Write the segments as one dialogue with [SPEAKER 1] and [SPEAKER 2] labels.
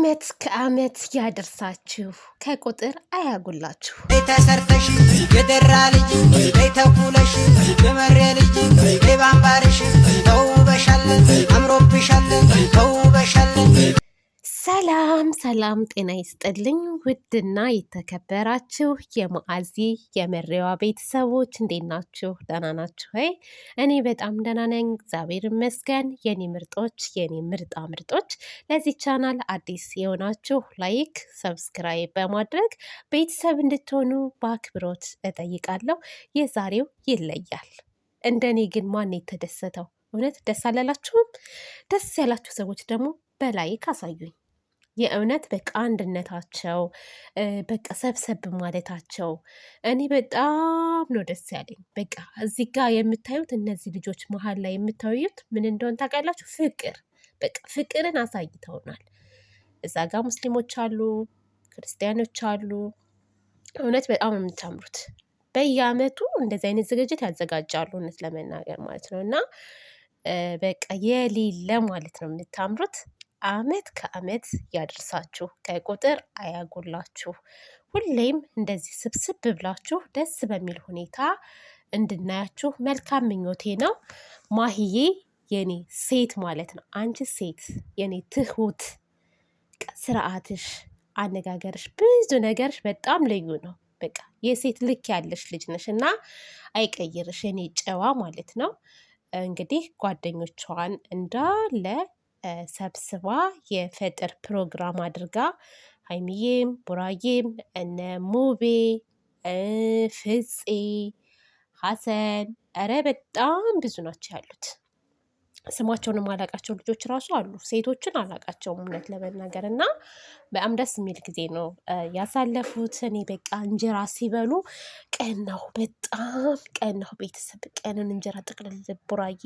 [SPEAKER 1] ከአመት ከአመት ያደርሳችሁ ከቁጥር አያጉላችሁ።
[SPEAKER 2] ቤተሰርተሽ የደራ ልጅ ቤተኩለሽ የመሬ ልጅ ቤባንባርሽ ተውበሻለን
[SPEAKER 1] ሰላም ሰላም፣ ጤና ይስጥልኝ ውድና የተከበራችሁ የማዓዚ የመሪዋ ቤተሰቦች እንዴት ናችሁ? ደህና ናችሁ ወይ? እኔ በጣም ደህና ነኝ፣ እግዚአብሔር ይመስገን። የኔ ምርጦች፣ የኔ ምርጣ ምርጦች፣ ለዚህ ቻናል አዲስ የሆናችሁ ላይክ፣ ሰብስክራይብ በማድረግ ቤተሰብ እንድትሆኑ በአክብሮት እጠይቃለሁ። የዛሬው ይለያል። እንደኔ ግን ማን የተደሰተው? እውነት ደስ አላላችሁም? ደስ ያላችሁ ሰዎች ደግሞ በላይክ አሳዩኝ። የእውነት በቃ አንድነታቸው በቃ ሰብሰብ ማለታቸው እኔ በጣም ነው ደስ ያለኝ። በቃ እዚህ ጋር የምታዩት እነዚህ ልጆች መሀል ላይ የምታዩት ምን እንደሆን ታውቃላችሁ? ፍቅር በቃ ፍቅርን አሳይተውናል። እዛ ጋር ሙስሊሞች አሉ፣ ክርስቲያኖች አሉ። እውነት በጣም ነው የምታምሩት። በየአመቱ እንደዚህ አይነት ዝግጅት ያዘጋጃሉ እውነት ለመናገር ማለት ነው እና በቃ የሌለ ማለት ነው የምታምሩት። አመት ከአመት ያድርሳችሁ፣ ከቁጥር አያጎላችሁ። ሁሌም እንደዚህ ስብስብ ብላችሁ ደስ በሚል ሁኔታ እንድናያችሁ መልካም ምኞቴ ነው። ማህዬ የኔ ሴት ማለት ነው። አንቺ ሴት የኔ ትሁት፣ ስርዓትሽ፣ አነጋገርሽ፣ ብዙ ነገርሽ በጣም ልዩ ነው። በቃ የሴት ልክ ያለሽ ልጅ ነሽ እና አይቀይርሽ የኔ ጨዋ ማለት ነው። እንግዲህ ጓደኞቿን እንዳለ ሰብስባ የፈጥር ፕሮግራም አድርጋ ሀይሚዬም ቡራዬም እነ ሙቤ ፍፄ ሀሰን፣ ኧረ በጣም ብዙ ናቸው ያሉት። ስማቸውን የማላቃቸው ልጆች ራሱ አሉ። ሴቶችን አላቃቸውም እውነት ለመናገር እና በጣም ደስ የሚል ጊዜ ነው ያሳለፉት። እኔ በቃ እንጀራ ሲበሉ ቀናሁ፣ በጣም ቀናሁ። ቤተሰብ ቀንን እንጀራ ጥቅልል ቡራዬ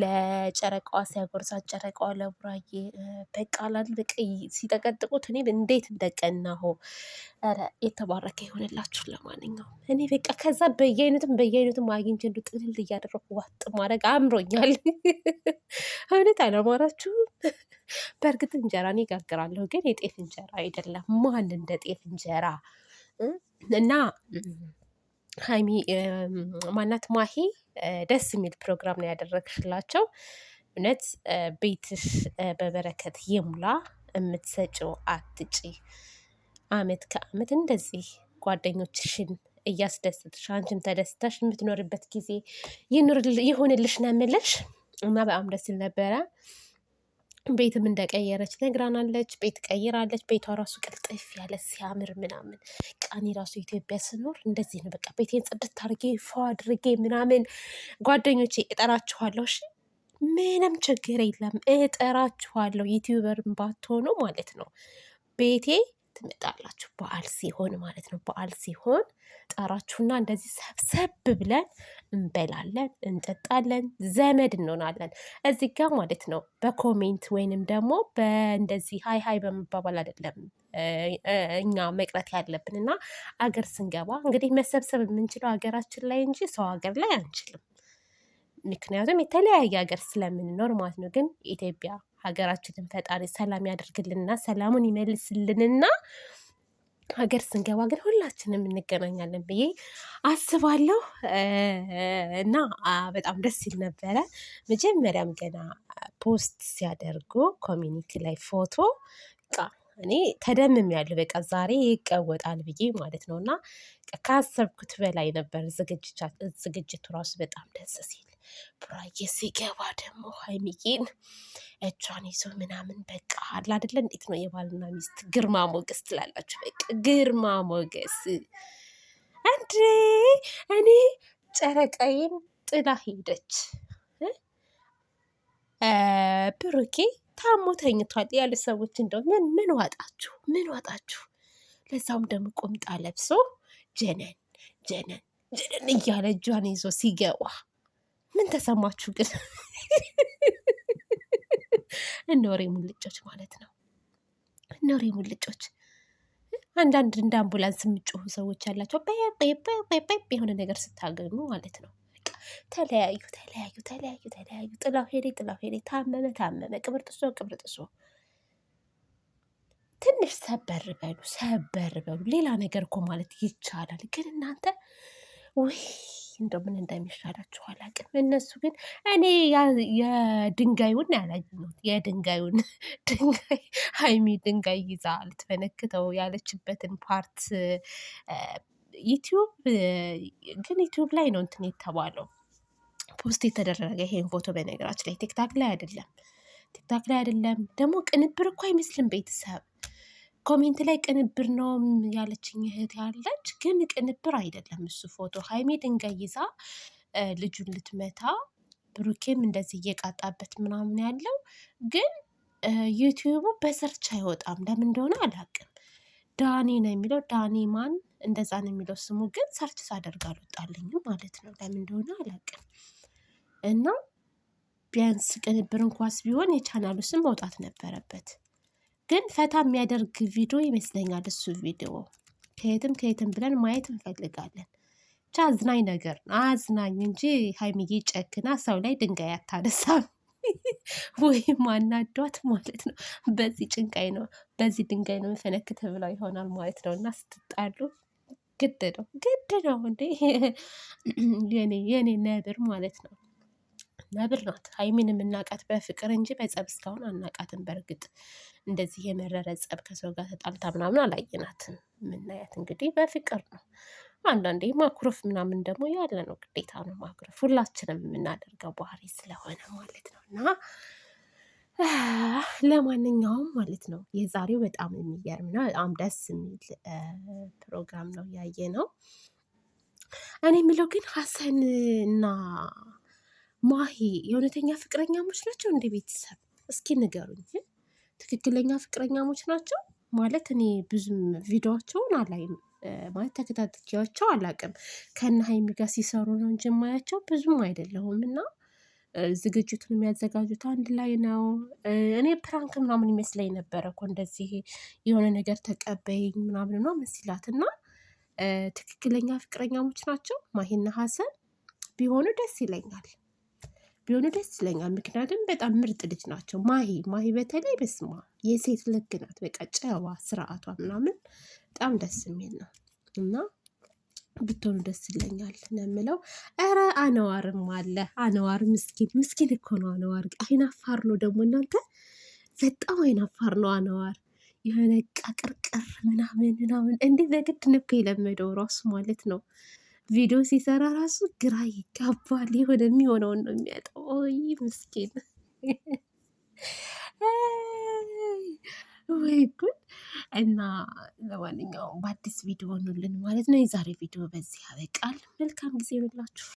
[SPEAKER 1] ለጨረቃዋ ሲያጎርሳት ጨረቃዋ ለቡራዬ በቃ ላልቅ ሲጠቀጥቁት እኔ እንዴት እንደቀናሁ። ኧረ የተባረከ ይሆንላችሁ። ለማንኛውም እኔ በቃ ከዛ በየአይነትም በየአይነትም አግኝቼ እንዱ ጥቅልል እያደረኩ ዋጥ ማድረግ አምሮኛል። እውነት አላማራችሁም? በእርግጥ እንጀራ እኔ እጋግራለሁ፣ ግን የጤፍ እንጀራ አይደለም። ማን እንደ ጤፍ እንጀራ እና ሀይሚ ማናት ማሂ ደስ የሚል ፕሮግራም ነው ያደረግሽላቸው። እውነት ቤትሽ በበረከት የሙላ የምትሰጪው አትጪ። አመት ከአመት እንደዚህ ጓደኞችሽን እያስደስትሽ አንቺም ተደስተሽ የምትኖርበት ጊዜ ይሁንልሽ ነው የምልሽ። እና በጣም ደስ ይል ነበረ። ቤትም እንደቀየረች ነግራናለች። ቤት ቀይራለች። ቤቷ ራሱ ቅልጥፍ ያለ ሲያምር ምናምን ቃኒ ራሱ ኢትዮጵያ ስኖር እንደዚህ ነው። በቃ ቤቴን ጽድት አድርጌ ፎ አድርጌ ምናምን ጓደኞቼ እጠራችኋለሁ። እሺ ምንም ችግር የለም እጠራችኋለሁ። ዩቲዩበርም ባትሆኑ ማለት ነው ቤቴ ትመጣላችሁ። በዓል ሲሆን ማለት ነው። በዓል ሲሆን ጠራችሁና እንደዚህ ሰብሰብ ብለን እንበላለን፣ እንጠጣለን፣ ዘመድ እንሆናለን። እዚህ ጋር ማለት ነው በኮሜንት ወይንም ደግሞ በእንደዚህ ሀይ ሀይ በመባባል አይደለም እኛ መቅረት ያለብን እና አገር ስንገባ እንግዲህ መሰብሰብ የምንችለው ሀገራችን ላይ እንጂ ሰው ሀገር ላይ አንችልም። ምክንያቱም የተለያየ ሀገር ስለምንኖር ማለት ነው። ግን ኢትዮጵያ ሀገራችንን ፈጣሪ ሰላም ያደርግልንና ሰላሙን ይመልስልንና ሀገር ስንገባ ግን ሁላችንም እንገናኛለን ብዬ አስባለሁ እና በጣም ደስ ይል ነበረ። መጀመሪያም ገና ፖስት ሲያደርጉ ኮሚኒቲ ላይ ፎቶ ቃ እኔ ተደምም ያሉ በቃ ዛሬ ይቀወጣል ብዬ ማለት ነው እና ካሰብኩት በላይ ነበር ዝግጅቱ ራሱ በጣም ደስ ሲል ቡራዬ ሲገባ ደግሞ ሀይሚዬን እጇን ይዞ ምናምን በቃ አለ አይደለ? እንዴት ነው የባልና ሚስት ግርማ ሞገስ ትላላችሁ? በቃ ግርማ ሞገስ አንድ እኔ ጨረቃዬን ጥላ ሄደች። ብሩኬ ታሞ ተኝቷል ያለ ሰዎች እንደው ምን ምን ዋጣችሁ? ምን ዋጣችሁ? ለዛውም ደግሞ ቁምጣ ለብሶ ጀነን ጀነን ጀነን እያለ እጇን ይዞ ሲገባ ምን ተሰማችሁ ግን? እነ ወሬ ሙልጮች ማለት ነው። እነ ወሬ ሙልጮች አንዳንድ እንደ አምቡላንስ የምጮሁ ሰዎች ያላቸው የሆነ ነገር ስታገኙ ማለት ነው። ተለያዩ ተለያዩ ተለያዩ ተለያዩ፣ ጥላው ሄደ ጥላው ሄደ፣ ታመመ ታመመ፣ ቅብር ጥሶ ቅብር ጥሶ። ትንሽ ሰበር በሉ ሰበር በሉ። ሌላ ነገር እኮ ማለት ይቻላል፣ ግን እናንተ ውይ እንደው ምን እንደሚሻላችሁ አላውቅም። እነሱ ግን እኔ የድንጋዩን ያላየሁት የድንጋዩን ድንጋይ ሀይሚ ድንጋይ ይዛ ልትፈነክተው ያለችበትን ፓርት ዩቲዩብ ግን ዩቲዩብ ላይ ነው እንትን የተባለው ፖስት የተደረገ ይሄን ፎቶ በነገራችን ላይ ቲክታክ ላይ አይደለም። ቲክታክ ላይ አይደለም ደግሞ ቅንብር እኮ አይመስልም ቤተሰብ ኮሜንት ላይ ቅንብር ነው ያለችኝ እህት ያለች፣ ግን ቅንብር አይደለም እሱ ፎቶ። ሀይሜ ድንጋይ ይዛ ልጁን ልትመታ ብሩኬም እንደዚህ እየቃጣበት ምናምን ያለው ግን ዩቲዩቡ በሰርች አይወጣም። ለምን እንደሆነ አላውቅም። ዳኒ ነው የሚለው ዳኒ ማን እንደዛ ነው የሚለው ስሙ፣ ግን ሰርች ሳደርግ አልወጣልኝም ማለት ነው። ለምን እንደሆነ አላውቅም። እና ቢያንስ ቅንብር እንኳስ ቢሆን የቻናሉ ስም መውጣት ነበረበት። ግን ፈታ የሚያደርግ ቪዲዮ ይመስለኛል እሱ ቪዲዮ። ከየትም ከየትም ብለን ማየት እንፈልጋለን። ብቻ አዝናኝ ነገር አዝናኝ እንጂ ሀይሚዬ ጨክና ሰው ላይ ድንጋይ አታነሳም ወይም አናዷት ማለት ነው። በዚህ ጭንቃይ ነው በዚህ ድንጋይ ነው የሚፈነክት ብለው ይሆናል ማለት ነው። እና ስትጣሉ ግድ ነው ግድ ነው እንዴ የኔ ነብር ማለት ነው። ነብር ናት። ሀይሚን የምናውቃት በፍቅር እንጂ በጸብ እስካሁን አናቃትን በእርግጥ እንደዚህ የመረረ ጸብ ከሰው ጋር ተጣልታ ምናምን አላየናትም። የምናያት እንግዲህ በፍቅር ነው። አንዳንዴ ማኩረፍ ምናምን ደግሞ ያለ ነው፣ ግዴታ ነው ማኩረፍ። ሁላችንም የምናደርገው ባህሪ ስለሆነ ማለት ነው እና ለማንኛውም ማለት ነው የዛሬው በጣም የሚገርም ነው። በጣም ደስ የሚል ፕሮግራም ነው ያየ ነው። እኔ የሚለው ግን ሀሰን እና ማሂ የእውነተኛ ፍቅረኛሞች ናቸው እንደ ቤተሰብ እስኪ ንገሩኝ። ትክክለኛ ፍቅረኛሞች ናቸው ማለት እኔ ብዙም ቪዲዮቸውን አላይም ማለት ተከታትያቸው አላቅም። ከነ ሀይሚ ጋር ሲሰሩ ነው እንጂ የማያቸው ብዙም አይደለሁም። እና ዝግጅቱን የሚያዘጋጁት አንድ ላይ ነው። እኔ ፕራንክ ምናምን ይመስለኝ ነበረ እኮ እንደዚህ የሆነ ነገር ተቀበይኝ ምናምን ነው መስላት እና ትክክለኛ ፍቅረኛሞች ናቸው ማሂና ሀሰን ቢሆኑ ደስ ይለኛል። ቢሆኑ ደስ ይለኛል። ምክንያቱም በጣም ምርጥ ልጅ ናቸው። ማሂ ማሂ በተለይ በስማ የሴት ልክ ናት። በቃ ጨዋ፣ ስርዓቷ ምናምን በጣም ደስ የሚል ነው እና ብትሆኑ ደስ ይለኛል ለምለው። ኧረ አነዋርም አለ አነዋር ምስኪን ምስኪን እኮ ነው አነዋር። አይናፋር ነው ደግሞ እናንተ፣ በጣም አይናፋር ነው አነዋር። የሆነ ቃቅርቅር ምናምን ምናምን እንዴት በግድ ንኮ የለመደው ራሱ ማለት ነው። ቪዲዮ ሲሰራ ራሱ ግራ ይጋባል። የሆነ የሚሆነውን ነው የሚያጠው። ይ ምስኪን ወይ ጉድ! እና ለማንኛውም በአዲስ ቪዲዮ ሆኑልን ማለት ነው። የዛሬ ቪዲዮ በዚህ ያበቃል። መልካም ጊዜ ይሁንላችሁ።